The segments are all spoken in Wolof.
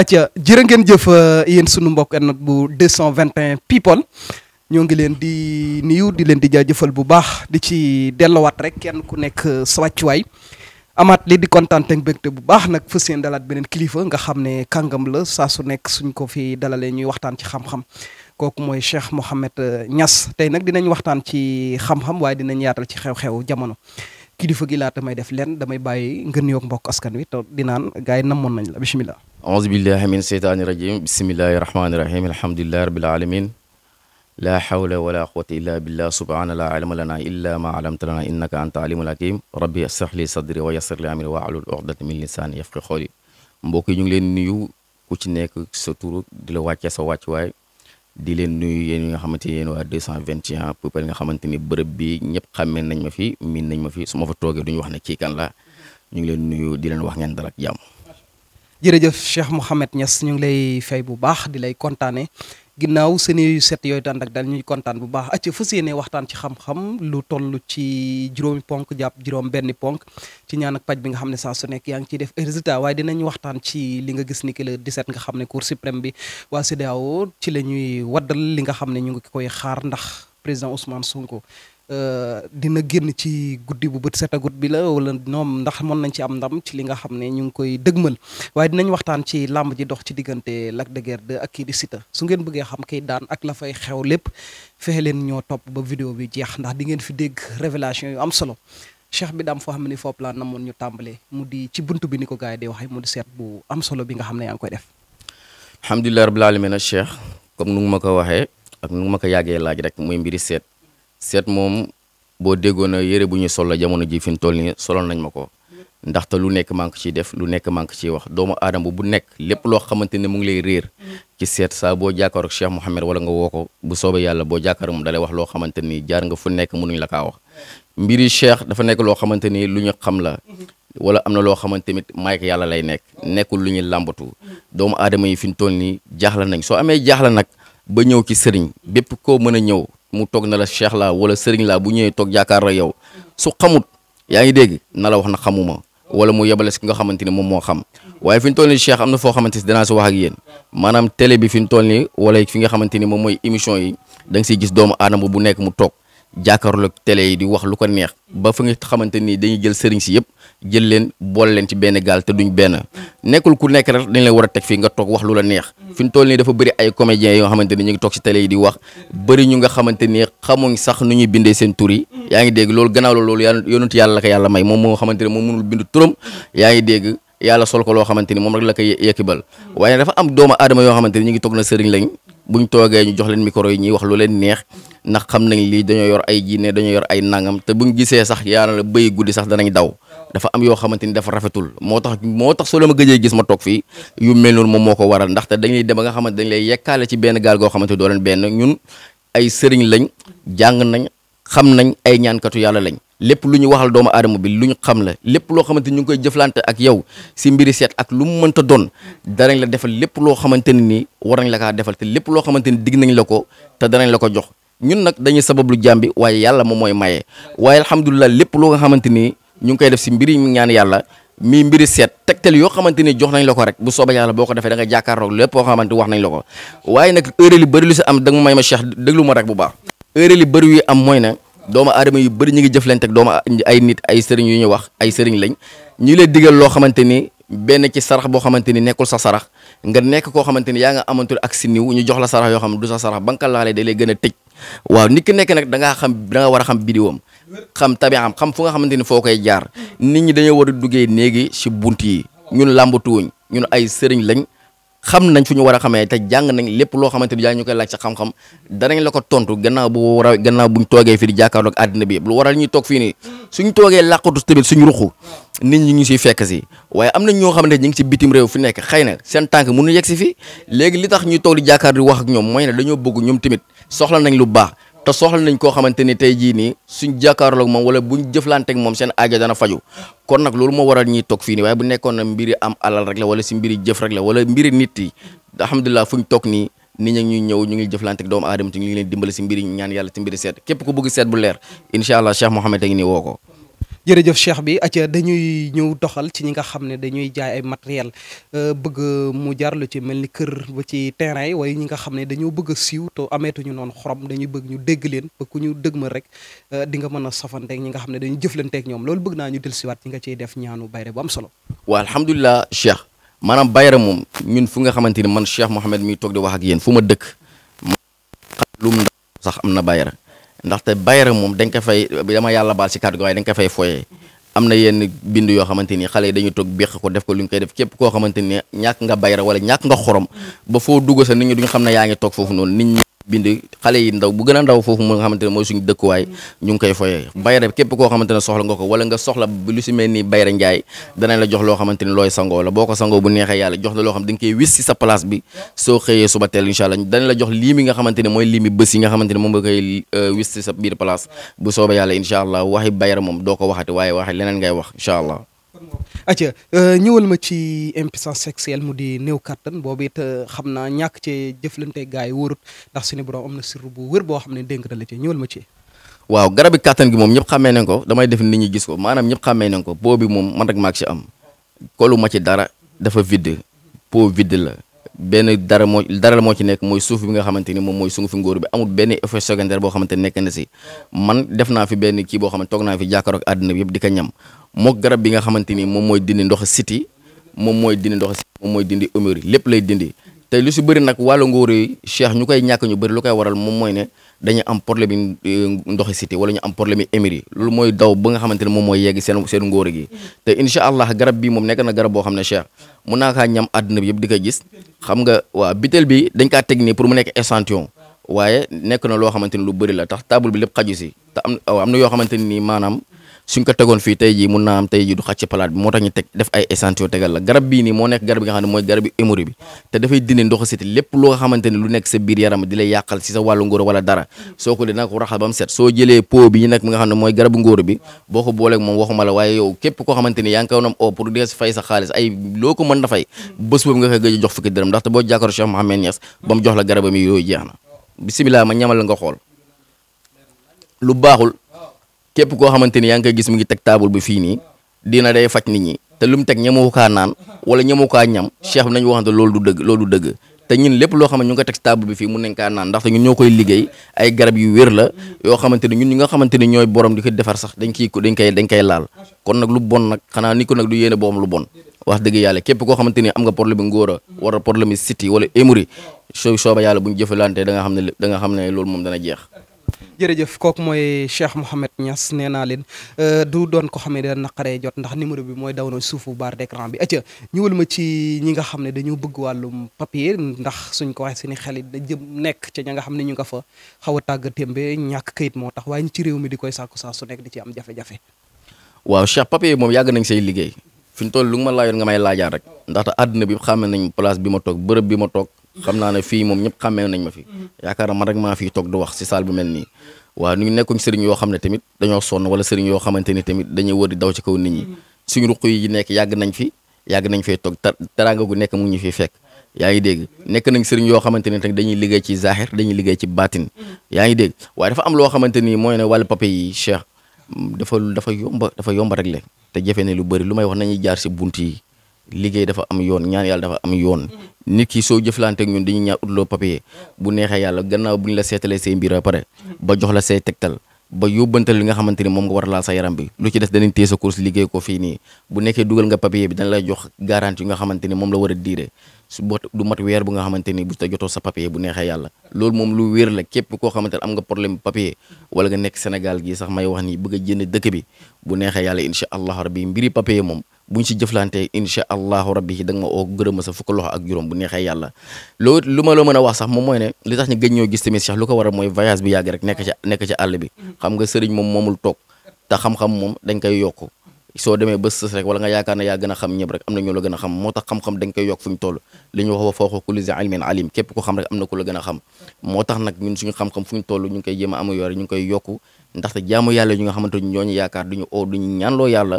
acca jërë ngeen jëf euh, yéen sunu mbokk nag bu 221 people ñoo ngi leen di nuyu di leen di jaajëfal bu baax di ci dellowaat rek kenn ku nekk euh, sa waay amaat li di kontaan ak mbégte bu baax nag fas yéene dalaat beneen kilifa nga xam ne kàngam la saa su nekk suñ ko fi dalalee ñuy waxtaan ci xam-xam kooku mooy Cheikh Mohamed ñas euh, tey nag dinañ waxtaan ci xam-xam waaye dinañ yaatal ci xew-xew jamono. kilifa gi laata may def lenn damay bàyyi ngën yook mbokk askan wi te di naan gars yi namoon nañ la bisimilah aouzu billahi min seytaani rajim bisimillahi rahmaani rahim alhamdulilahi rabbil alamin laa hawla wala quwata illa billah subhaana la ilma lana illa ma alamtalana innaka anta alimul hakim rabbi ashrah li sadri wa yassir li amri wa ahlul uqdatan min lisaani yafqahu qawli mbokk yi ñu ngi leen nuyu ku ci nekk sa tur di la wàccee sa wàccuwaay di leen nuyu yéen nga xamante yéen waa 221 people nga xamante ni bërëb bi ñëpp xàmmee nañ ma fi miin nañ ma fi su ma fa toogee duñu wax ne kii kan la ñu ngi leen nuyu di leen wax ngeen dal ak jàmm. jërëjëf Cheikh Mouhamed Niass ñu ngi lay fay bu baax di lay kontaane ginnaaw seeni set yooyu tànd ak daal ñuy kontaan bu baax acca fas yéene waxtaan ci xam-xam lu toll ci juróomi ponk jàpp juróom benn ponk ci ñaan ak paj bi nga xam ne saa su nekk yaa ngi ciy def résultat waaye dinañ waxtaan ci li nga gis ni ki le 17 nga xam ne cour suprême bi waa CEDEAO ci la ñuy waddal li nga xam ne ñu ngi koy xaar ndax président Ousmane Sonko Euh, dina génn ci guddi bu bët setagut bi la wala ñoom ndax mën nañ ci am ndam ci li nga xam ne ñu ngi koy dëgmal waaye dinañ waxtaan ci làmb ji dox ci diggante Lac de ak kii di Siteu su ngeen bëggee xam kii daan ak la fay xew lépp fexe leen ñoo topp ba vidéo bi jeex ndax di ngeen fi dégg révélation yu am solo cheikh bi daam foo xam ne foofu laa namoon ñu tàmbalee mu di ci bunt bi ni ko gars yi di waxee mu di seet bu am solo bi nga xam ne ya ngi koy def. alhamdulilah rabbil alamin cheikh comme nu ma ko waxee ak nu ma ko yàggee laaj rek muy mbiri seet seet moom boo déggoon a yére bu ñu sol la jamono ji fi mu toll nii soloon nañ ma ko ndaxte lu nekk maa ngi ciy def lu nekk maa ngi ciy wax doomu aadama bu nekk lépp loo xamante ne mu ngi lay réer ci seet saa boo jàkkaaroo ak Cheikh wala nga woo ko bu soobee boo jàkkaaroo mu dalay wax xamante ni jaar nga fu nekk mënuñ la kaa wax mbiri Cheikh dafa nekk loo xamante ni lu ñu xam la wala am na loo xamante ni maayka yàlla lay nekk nekkul lu ñuy làmbatu doomu aadama yi fi mu toll nii jaaxla nañ soo amee jaaxla nag ba ñëw ki sëriñ bépp koo mën a ñëw mu toog na la cheikh la wala sëriñ la bu ñëwee toog jaakaar la yow su xamut yaa ngi dégg na la wax na xamuma wala mu yebale si ki nga xamante ni moom moo xam waaye fi ñu toll nii cheikh am na foo xamante si danaa si wax ak yéen maanaam télé bi fi ñu toll nii wala fi nga xamante ni moom mooy émission yi da nga siy gis doomu aadama bu nekk mu toog jàkkaarloog tele yi di wax lu ko neex ba fa nga xamante ni dañuy jël sëriñ si yëpp jël leen boole leen ci benn gaal te duñ benn nekkul ku nekk rek dañ leen war a teg fii nga toog wax lu la neex fi ñu toll nii dafa bëri ay comédiens yoo xamante ni ñu ngi toog ci télé yi ñu nga xamante ni xamuñ sax nu ñuy bindee seen tur yaa ngi dégg loolu loolu yàlla yonent yàlla yàlla may moom moo xamante ni moom mënul bind turam yaa ngi dégg yàlla sol ko loo xamante ni moom rek la koy yekkibal waaye dafa am doomu aadama yoo xamante ni ñu ngi toog na sëriñ lañ buñ toogee ñu jox leen micro yi ñuy wax lu leen neex ndax xam nañ lii dañoo yor ay jinne dañoo yor ay nangam te buñ gisee sax yaana la bëy guddi sax danañ daw dafa am yoo xamante ni dafa rafetul moo tax moo tax soo gis ma toog fii yu mel noonu moo ko waral ndaxte dañuy dem ba nga xamante dañ lay yekkaale ci benn gaal goo xamante doo benn ñun nañ xam ay ñaankatu yàlla lañ lépp lu ñu waxal doomu aadama bi lu ñu xam la lépp loo xamante ñu ngi koy jëflante ak yow si mbiri seet ak lu mu mënta doon danañ la defal lépp loo xamante ne nii war nañ la kaa defal lépp loo xamante ni digg nañ la ko te danañ la ko jox ñun nag dañuy sabablu jàmm bi waaye yàlla moom mooy maye waaye alhamdulilah lépp loo nga xamante ni ñu ngi koy def si mbiri ñaan yàlla mi mbiri seet tegtal yoo xamante ni jox nañ la ko rek bu sooba yàlla boo ko defee da nga jàkkaarloog lépp boo wax nañ la ko waaye nag heure am da nga may ma cheikh déglu ma rek bu baax heure li am mooy doomu aadama yu bëri ñu ngi jëflante ak doomu ay nit ay sëriñ yu ñu wax ay sëriñ lañ ñu lay digal loo xamante ni benn ci sarax boo xamante ni nekkul sa sarax nga nekk koo xamante ni yaa nga amantul ak si niw ñu jox la sarax yoo xam du sa sarax banka laalee da lay gën a tëj waaw nit ki nekk nag da xam danga war a xam bidiwam xam tabiam xam fu nga xamante ni foo koy jaar nit ñi dañoo war a duggee néegi si bunt yi ñun làmbatuwuñ ñun ay sëriñ lañ xam nañ fu ñu war a xamee te jàng nañ lépp loo xamante ni yaa ñu koy laaj sa xam-xam danañ la ko tontu gannaaw bu war a gannaaw buñ toogee fii di jàkkaarloog àddina bi yëpp lu waral toog fii nii suñ toogee làqatu tamit suñ ruxu nit ñi ñu siy fekk si waaye am nañ ñoo xamante ñu ngi si bitim réew fi nekk xëy na seen tànk mënu yegg si fi léegi li tax ñuy toog di jàkkaar di wax ak ñoom mooy ne dañoo bëgg ñoom tamit soxla nañ lu baax te soxla nañ koo xamante ni tey jii nii suñ jàkkaarloog moom wala buñ jëflanteeg moom seen aajo dana faju kon nag loolu moo waral ñuy toog fii nii waaye bu nekkoon na mbiri am alal rek la wala si mbiri jëf rek la wala mbiri nit yi alhamdulilah fuñ toog nii nit ñi ñuy ñëw ñu ngi jëflanteeg doomu aadama te ñu ngi leen dimbali si mbiri ñaan yàlla si mbiri seet képp ku bëgg seet bu leer incha allah Cheikh Mouhamed a ngi nii woo ko jërëjëf cheikh bi acca dañuy ñëw doxal ci ñi nga xam ne dañuy jaay ay matériel euh, bëgg mu jaar lu ci mel ni kër ba ci terrain yi waaye ñi nga xam ne dañoo bëgg a siiw te ameetuñu noonu xorom dañuy bëgg ñu dégg leen ba ku ñu dëgg ma rek euh, di nga mën a safanteeg ñi nga xam ne dañuy jëflanteeg ñoom loolu bëgg naa ñu del siwaat ñi nga ciy def ñaanu bayre bu am solo waa alhamdulilah cheikh maanaam bayre moom ñun fu nga xamante ni man cheikh mohamed mi toog di wax ak yéen fu ma dëkk sax am na bayre ndaxte bayra moom dañ ko fay dama yàlla baal si kàddu gi waaye dañ ko fay foyee am na yenn bind yoo xamante ni xale yi dañuy toog béq ko def ko lu ñu koy def képp koo xamante ni ñàkk nga bayra wala ñàkk nga xorom ba foo dugg sa nit ñi duñ xam ne yaa ngi toog foofu noonu nit bind xale yi ndaw bu gën a ndaw foofu mooy suñu dëkkuwaay ñu ngi foyee bayre képp koo xamante soxla nga ko wala nga soxla lu si mel ni bayre njaay la jox loo xamante looy sangoo la boo ko sangoo bu neexee yàlla jox la loo xam da nga sa place bi soo xëyee suba teel incha allah danañ la jox lii nga xamante mooy lii mi nga xamante moom nga koy euh, wis sa biir place bu soobee yàlla incha allah waxi bayre moom doo acca euh, ñëwal ma ci impuissance sexuelle mu di néew kàttan boobu it euh, xam naa ñàkk ci jëflante gaa yi wóorut ndax ni borom am na sirru bu wër boo xam ne dénk na la ci ñëwal ma ci waaw garabi kàttan gi moom ñëpp xammee nañ ko damay def ni ñi gis ko maanaam ñëpp xammee nañ ko boo bi moom man rek maag si am kolu ma ci dafa vide po vide la benn dara moo dara la moo ci nekk mooy suuf nga xamante ni moom mooy sungu fi ngóor bi amul benn effet secondaire boo xamante nekk na si man def naa fi benn kii boo xam ne toog naa fi jàkkaaroo ak yëpp di ko ñam mook garab bi nga xamante ni moom mooy dindi ndox siti moom mooy dindi ndox siti moom mooy dindi humeur lépp lay dindi tey lu si bari nag wàllu ngóor yi cheikh ñu koy ñàkk ñu bëri lu koy waral moom mooy ne dañu am problème yi euh, ndoxi siti wala ñu am problème yi émir yi loolu mooy daw ba nga xamante ne moom mooy yegg seen seen ngóor gi te incha allah garab bi moom nekk na garab boo xam ne cheikh mun naa kaa ñam àdduna bi yëpp di ko gis xam nga waa bitel bi dañ kaa teg nii pour mu nekk échantillon waaye nekk na loo xamante ni lu bëri la tax table bi lépp xaju si te am am na yoo xamante suñ ko tegoon fii tey jii mun naa am tey jii du xaj ci palaat bi moo tax ñu teg def ay échantillon tegal la garab bii nii moo nekk garab bi nga xam ne mooy garab bi hémorroïde bi te dafay dindi ndoxasiti lépp loo xamante ne lu nekk sa biir yaram di lay yàqal si sa wàllu ngóor wala dara soo ko dee nag ko raxal ba mu set soo jëlee pot bi ñu nekk mi nga xam ne mooy garabu ngóor bi boo ko booleeg moom waxuma la waaye yow képp koo xamante ni yaa ngi koy nam o pour di nga si fay sa xaalis ay loo ko mën da fay bés boobu nga koy gëj jox fukki dërëm ndaxte boo jàkkaaroo Cheikh Mohamed Niass ba mu jox la garabam yi yooyu jeex na bisimilah ma ñamal la nga xool lu baaxul képp koo xamante ni yaa ngi koy gis mu ngi teg taabul bi fii nii dina day faj nit ñi te lu mu teg ñamu kaa naan wala ñamu kaa ñam cheikh bi nañu waxante loolu du dëgg loolu du dëgg te ñun lépp loo xam ne ko teg taabul bi fii mun nañ kaa naan ndaxte ñun ñoo koy liggéey ay garab yu wér la yoo xamante ni nga xamante ni ñooy borom di ko defar sax dañ kiy dañ koy dañ koy laal kon nag lu bon nag xanaa ni ko nag du yéene boom lu bon wax dëgg yàlla képp koo xamante ni am nga problème ngóor a wala problème city wala émuri soo sooba yàlla bu ñu jëfalante da nga xam jërëjëf kooku mooy Cheikh Mouhamed ñas nee naa leen euh, du doon ko xam ne da jot ndax numéro bi mooy daw na suufu barre d'écran bi acca ñëwal ma ci ñinga xam ne dañoo bëgg wàllum papier ndax suñ ko waxee seeni xel yi da jëm nekk ca ña nga xam ne ñu nga fa xaw a tàgga témbe ñàkk kayit moo tax waaye ñi ci réew mi di koy sàkku saa su nekk di ci am jafe-jafe waaw Cheikh papier moom yàgg nañ say liggéey fi ñu toll lu nga ma laajoon nga may laajaan rek ndaxte àddina bi xam nañ place bi ma toog bërëb bi ma toog xam naa ne fii moom ñëpp xàmmee nañ ma fi mhm. yaakaar a man rek maa fi toog du wax si saal bu mel nii waaw ñu ngi nekkuñ yoo xam ne tamit dañoo sonn wala sëriñ yoo xamante ni tamit dañuy wër di daw ci kaw nit ñi mhm. suñu ruq yi nekk yàgg nañ fi yàgg nañ fee toog teraanga gu nekk mu ngi ñu fiy fekk yaa ngi dégg nekk nañ sëriñ yoo xamante ni tamit dañuy liggéey ci zaaxir dañuy liggéey ci baatin mhm. yaa ngi dégg waa dafa am loo xamante ni mooy ne wàllu pape yi cheikh dafa dafa yomba dafa yomba rek le te jafe ne lu bëri lu may wax nañuy jaar si bunt yi liggéey dafa am yoon ñaan yàlla dafa am yoon mm-hmm. nit ki soo jëflanteek ñun dañuy ñaan utloo papier bu neexee yàlla gannaaw bu ñu la seetalee say mbir ba pare ba jox la say tegtal ba yóbbantal li nga xamante ni moom nga war laal sa yaram bi lu ci des danañ téye sa course liggéey ko fii nii bu nekkee dugal nga papier bi dañ lay jox garantie yu nga xamante ni moom la war a diire su bot du mat weer bu nga xamante ni bu ta jotoo sa papier bu neexee yàlla loolu moom lu wér la képp koo xamante ne am nga problème papier wala nga nekk Sénégal gi sax may wax nii bëgg a jënd dëkk bi bu neexee yàlla incha allah rabbi mbiri papier moom buñ si jëflantee incha allahu rabbi da nga ma oo gërëm sa fukk loxo ak juróom bu neexee yàlla loolu lu ma la mën a wax sax moom mooy ne li tax ñu gëj ñoo gis tamit Cheikh lu ko waral mooy voyage bi yàgg rek nekk ci nekk bi xam nga sëriñ moom moomul toog te xam-xam moom dañ koy yokk a xam ñëpp rek am na la fu ñu toll li ñu wax wa fawqa kulli zi ilmin alim képp ko xam rek am na ku la gën a xam moo tax nag ñun suñu xam-xam fu ñu toll ñu ngi koy jéem a amu yoore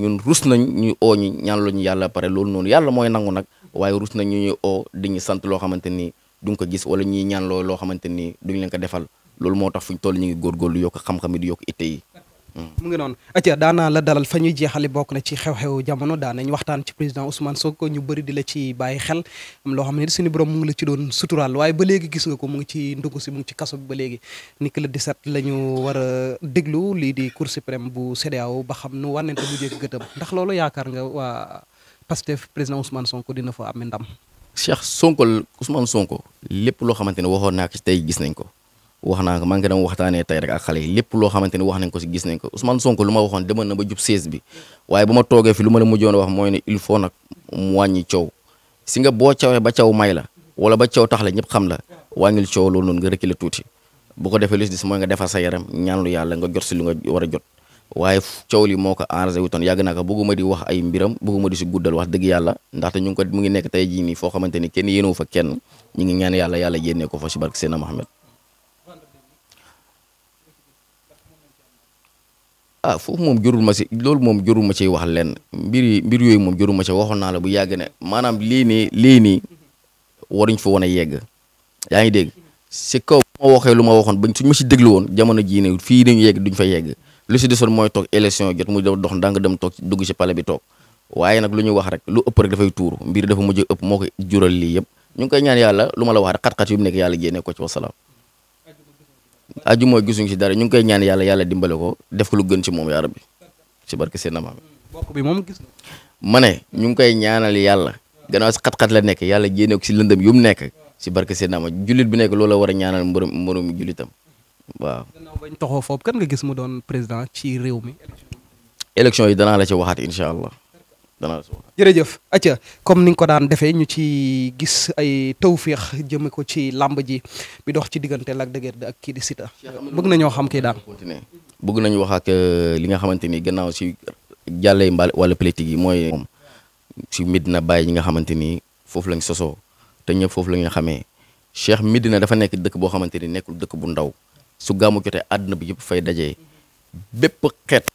ñun rus nañ ñuy oo ñu ñaan lu ñu yàlla pare loolu noonu yàlla mooy nangu nag waaye rus nañ ñu ñuy oo di ñu sant loo xamante ni duñ ko gis wala ñuy ñaan loo loo xamante ni duñ leen ko defal loolu moo tax fu ñu toll ñu ngi góorgóorlu yokk xam-xam yi di yokk itte yi mu ngi noonu atia daanaa la dalal fa ñuy jeexale bokk na ci xew-xew jamono daanañ waxtaan ci président Ousmane Sonko ñu bëri di la ci bàyyi xel am loo xam ne suñu borom mu ngi la ci doon suturaal waaye ba léegi gis nga ko mu ngi ci ndungu si mu ngi ci kaso bi ba léegi ni ki la ñu war a déglu lii di cour suprême bu aw ba xam nu wànnente bu jëkk gëtëm ndax loolu yaakaar nga waa Pastef président Ousmane Sonko dina fa amee ndam Cheikh Sonko Ousmane Sonko lépp loo xamante ne waxoon naa ci tey gis nañ ko wax naa ko man ngi dama waxtaanee tey rek ak xale yi lépp loo xamante ni wax nañ ko si gis nañ ko Ousmane Sonko lu ma waxoon demoon na ba jub 16 bi waaye bu ma toogee fi lu ma la mujjoon wax mooy ne il faut nag mu si nga boo cawee ba caw may la wala ba caw tax la ñëpp xam la wàññil coow loolu noonu nga reculer tuuti bu ko defee lu si nga defar sa yaram ñaan lu yàlla nga jot war jot waaye coow moo ko arrangé wutoon yàgg naa ko bëgguma di wax ay mbiram bëgguma di si guddal wax yàlla ndaxte ñu ngi ko mu ngi nekk tey jii nii foo xamante ni kenn yéenewu fa kenn ñu ngi ñaan yàlla yàlla yénnee ko fa si barke Seydina Muhammad ah foofu moom jurul ma si loolu moom jurul ma ciy wax lenn mbiri mbir yooyu moom jurul ma ci waxoon naa la bu yàgg ne maanaam lii nii lii nii waruñ fa wan a yegg yaa ngi dégg si kaw ma waxee lu ma waxoon bañ suñ ma si déglu woon jamono jii ne fii nañu yegg duñ fa yegg lu si desoon mooy toog élection jot mu dox ndànk dem toog dugg si palais bi toog waaye nag lu ñu wax rek lu ëpp rek dafay tuuru mbir dafa mujj ëpp moo ko jural lii yëpp ñu ngi koy ñaan yàlla lu ma la wax rek xat-xat yu yàlla génne ko ci wasalaam aju mooy gisuñ si dara ñu ngi koy ñaan yàlla yàlla dimbale ko def ko lu gën ci moom yaa rabbi si barke seen maam bokk bi moom gis na ma ne ñu ngi koy ñaanal yàlla gannaaw si xat-xat la nekk yàlla génne ko si lëndëm yu mu nekk si barke seen ma jullit bi nekk loola war a ñaanal mbërëm mbërëm jullitam waaw. gannaaw bañ toxoo foofu kan nga gis mu doon président ci réew mi. élection yi danaa la ci waxaat incha allah. dana la jërëjëf acca comme ni nga ko daan defee ñu ci gis ay tawféex jëme ko ci làmb ji bi dox ci diggante Lac de Guiers ak kii di sita bëgg nañoo xam kii daan bëgg nañu wax ak euh, li nga xamante ni gannaaw si jàllee mbal wala politique yi mooy moom si na bàyyi ñi nga xamante ni foofu lañ sosoo te ñëpp foofu la ñu xamee Cheikh na dafa nekk dëkk boo xamante ni nekkul dëkk bu ndaw su gàmmu jotee àdduna bi yëpp fay daje bépp xeet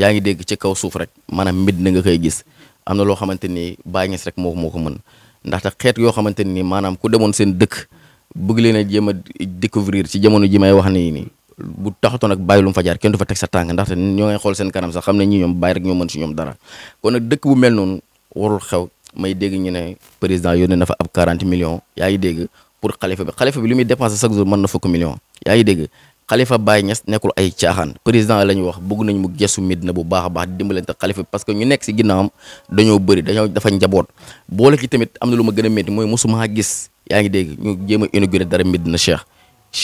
yaa ngi dégg ci kaw suuf rek maanaam mbid na nga koy gis am na loo xamante ni bàyyi ngees rek moo moo ko mën ndaxte xeet yoo xamante ni maanaam ku demoon seen dëkk bëgg leen a jéem a découvrir ci jamono ji may wax nii nii bu taxatoon ak bàyyi lu mu fa du fa teg sa tànk ndaxte ñoo ngay xool seen kanam sax xam ne ñi ñoom baay rek ñoo mën si ñoom dara kon nag dëkk bu mel noonu warul xew may dégg ñu ne président yónnee na fa ab 40 million yaa ngi dégg pour xalifa bi xalifa bi li muy dépensé chaque jour mën na fukk millions yaa ngi dégg xalifa Baye Niass nekkul ay caaxaan président la ñu wax bëgg nañ mu gesu Medina bu baax a baax dimbalante xalifa parce que ñu nekk si ginnaawam dañoo bëri dañoo dafa njaboot boole ci tamit am na lu ma gën a métti mooy mosuma gis yaa ngi dégg ñu jéem a inauguré dara Medina Cheikh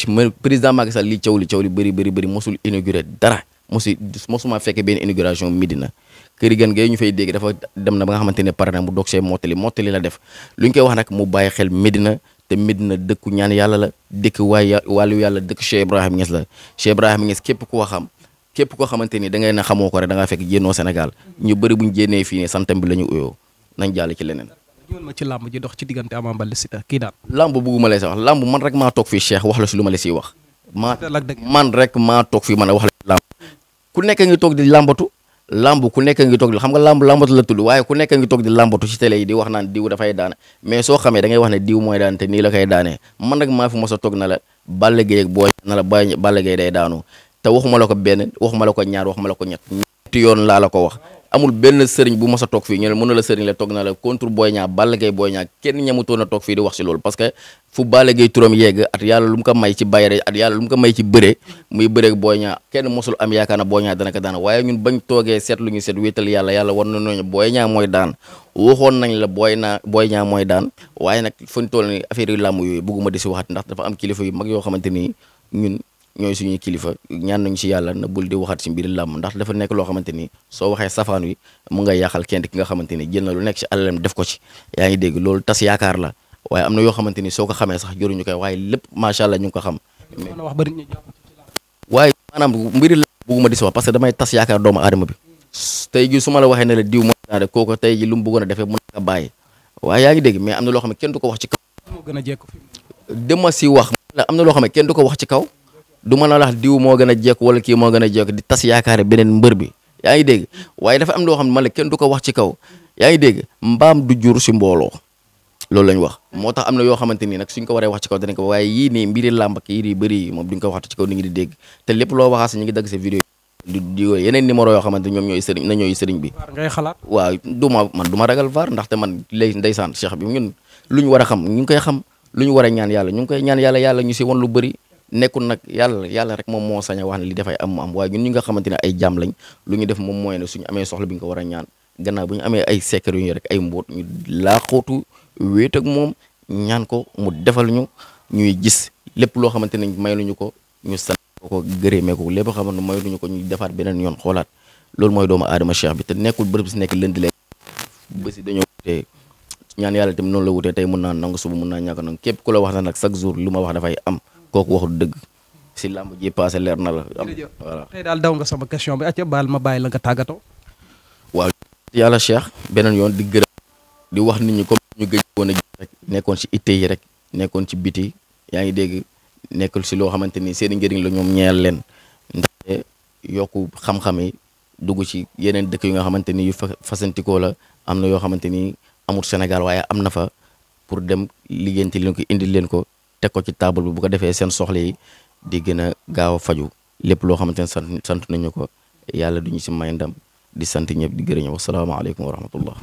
ma président Macky Sall li caw li caw li bëri bëri bëri mosul inauguré dara mosu mosuma fekkee benn inauguration Medina këri gan gay ñu fay dégg dafa dem na ba nga xamante ne pare na mu doog see mottali mottali la def lu ñu koy wax nag mu bàyyi xel Medina te Medina dëkku ñaan yàlla la dëkk waay wàllu yàlla dëkk Cheikh Ibrahima Niass la Cheikh Ibrahima Niass képp koo xam képp ko xamante ni da ngay na xamoo ko rek danga ngaa fekk jénnoo Sénégal ñu bëri buñ jénnee fii ne santam bi la ñu uyoo nañ jàll ci leneen ñëwal ma ci dox ci diggante Ama Baldé Siteu kii daal làmb bugguma lay si wax làmb man rek maa toog fii Cheikh wax la si lu ma la siy wax maa man rek maa toog fii man a wax la si ku nekk ngi toog di làmbatu lamb ku nekk ngi toog di xam nga lamb lambatu la tudd waaye ku nekk ngi toog di lambatu ci télé yi di wax naan diw dafay daane mais soo xamee da ngay wax ne diw mooy daan te nii la koy man nag maa fi mos a toog na la Balla Gaye ak Boy na Balla Gaye day daano te waxuma la ko benn waxuma la ko ñaar waxuma la ko ñett ñetti yoon laa la ko wax amul benn sëriñ bu mos a toog fii ñu ne mën sëriñ la toog na la contre Boy Niang Balla Gaye Boy Niang kenn ñamutoon a toog fii di wax si loolu parce que fu Balla Gaye turam yegg at yàlla lu mu ko may ci bayre at yàlla lu mu ko may ci bëre muy bëre Boy Niang kenn mosul am yaakaar na Boy Niang dana ko daan waaye ñun bañ toogee seet lu ñu seet wéetal yàlla yàlla war na nooñu Boy Niang mooy daan waxoon nañ la Boy Niang Boy Niang mooy daan waaye nag fuñ toll ni affaire yu yooyu bëgguma di si waxaat ndax dafa am kilifa yu yoo xamante ni ñun ñooy suñuy kilifa ñaan nañu ci yàlla na bul di waxaat ci mbiri làmb ndax dafa nekk loo xamante ni soo waxee safaan wi mu ngay yàqal kenn ki nga xamante ni jël lu nekk ci alalam def ko ci yaa ngi loolu tas yaakaar la waaye am na yoo xamante ni soo ko xamee sax joruñu koy waaye lépp macha allah ñu ngi ko xam waaye maanaam mbiri làmb bugguma di si wax parce que damay yaakaar doomu aadama bi tey ji su ma la waxee ne la diw mooy daane tey ji lu mu bëggoon defee mën nga bàyyi waaye yaa ngi dégg mais am na loo xam ne kenn du ko wax ci kaw dama si wax la am na loo xam ne kenn du ko wax ci kaw du mën a wax diw moo gën a jekk wala kii moo gën a jekk di tas yaakaare beneen mbër bi yaa ngi dégg waaye dafa am loo xam la kenn du wax ci kaw yaa ngi mbaam du jur si mbooloo loolu lañ wax moo tax am na yoo xamante nii nag suñ ko waree ni ngi di dégg te lépp loo waxaa si ñu ngi dagg sa vidéo di di yeneen numéro yoo xamante ñoom ñooy sëriñ na ñooy sëriñ bi ngay xalaat waaw ma man du ma ragal var ndaxte man léegi ndeysaan cheikh bi ñun lu ñu war a xam ñu ngi xam lu war a ñaan yàlla ñu ngi koy lu bëri nekkul nag yàlla yàlla rek moom moo sañ a wax ne li dafay am mu am waaye ñun ñi nga xamante ne ay jaam lañ lu ñu def moom mooy ne suñu amee soxla bi ñu ko war a ñaan gannaaw bu ñu amee ay secret yu ñu rek ay mbóot ñu ak moom ñaan ko mu defal ñu ñuy gis lépp loo xamante ne may luñu ko ñu sant ko gërëmee ko lépp xamante may luñu ko ñu defaat beneen yoon xoolaat loolu mooy doomu aadama cheikh bi te nekkul bërëb si nekk lënd leen bési dañoo wutee ñaan yàlla tamit noonu la wutee tey ku la wax na nag chaque jour lu ma wax dafay am kooku waxul dëgg si làmb ji passé leer na la. am voilà tey daal daw nga sama question bi acca baal ma bàyyi la nga tàggatoo. waaw yàlla Cheikh beneen yoon di gërëm di wax nit ñi comme ñu gëj woon a rek nekkoon si itte yi rek nekkoon ci biti yaa ngi dégg nekkul si loo xamante ni seen njëriñ la ñoom ñeel leen ndaxte yokku xam-xam yi dugg ci yeneen dëkk yu nga xamante ni yu fasantikoo la am na yoo xamante ni amul Sénégal waaye am na fa pour dem liggéeyanti leen ko indil leen ko teg ko ci table bi bu ko defee seen soxla di gën a gaaw a faju lépp loo xamante ne sant sant nañu ko yàlla duñu si may di sant ñëpp di gërëm wasalaamaaleykum wa rahmatullah